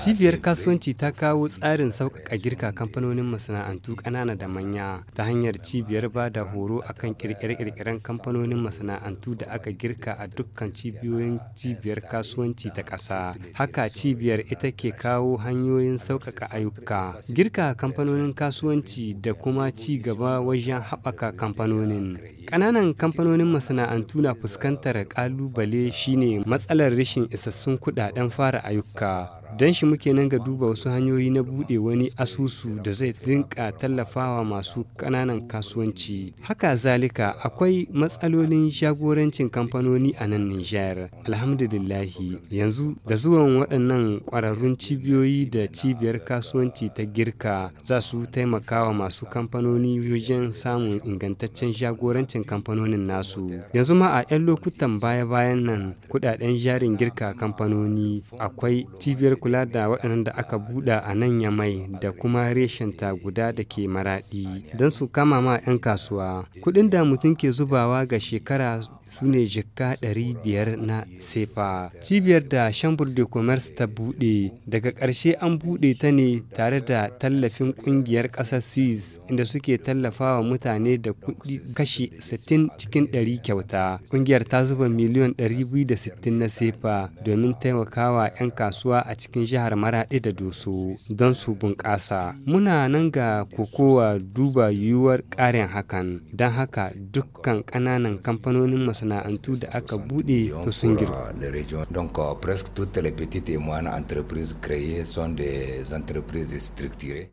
Cibiyar kasuwanci ta kawo tsarin sauƙaƙa girka kamfanonin masana'antu ƙanana da manya ta hanyar cibiyar ba da horo akan ƙirƙire-ƙirƙiren kamfanonin masana'antu da aka girka a dukkan cibiyoyin cibiyar kasuwanci ta ƙasa. Haka cibiyar ita ke kawo hanyoyin sauƙaƙa ayyuka, girka kamfanonin kasuwanci da kuma ci gaba wajen haɓaka kamfanonin. Ƙananan kamfanonin masana'antu na fuskantar ƙalubale shine matsalar matsalar rashin isassun kudaden fara ayyuka don shi muke nan ga duba wasu hanyoyi na buɗe wani asusu da zai rinka tallafawa masu ƙananan kasuwanci haka zalika akwai matsalolin jagorancin kamfanoni a nan nijar alhamdulillahi yanzu da zuwan waɗannan ƙwararrun cibiyoyi da cibiyar kasuwanci ta girka za su taimakawa masu kamfanoni wajen samun ingantaccen jagorancin kamfanonin nasu yanzu ma a 'yan lokutan baya-bayan nan kudaden jarin girka kamfanoni akwai cibiyar kula da waɗannan da aka buɗa a nan yamai da kuma reshenta guda da ke maraɗi don su kama ma 'yan kasuwa kuɗin da mutum ke zubawa ga shekara su ne jikka 500 na sefa cibiyar da chambre de commerce ta buɗe daga ƙarshe an buɗe ta ne tare da tallafin ƙungiyar ƙasar swiss inda suke tallafawa mutane da kudi kashi 60 cikin 100 kyauta ƙungiyar ta zuba miliyon 260 na sefa domin taimakawa 'yan kasuwa a cikin jihar maraɗi da doso don su bunƙasa muna nan ga kokowa duba yiwuwar ƙarin hakan don haka dukkan ƙananan kamfanonin masu masana'antu da aka bude to sun girku. Euh, Donc euh, presque toutes les petites et moyennes entreprises créées sont des entreprises structurées.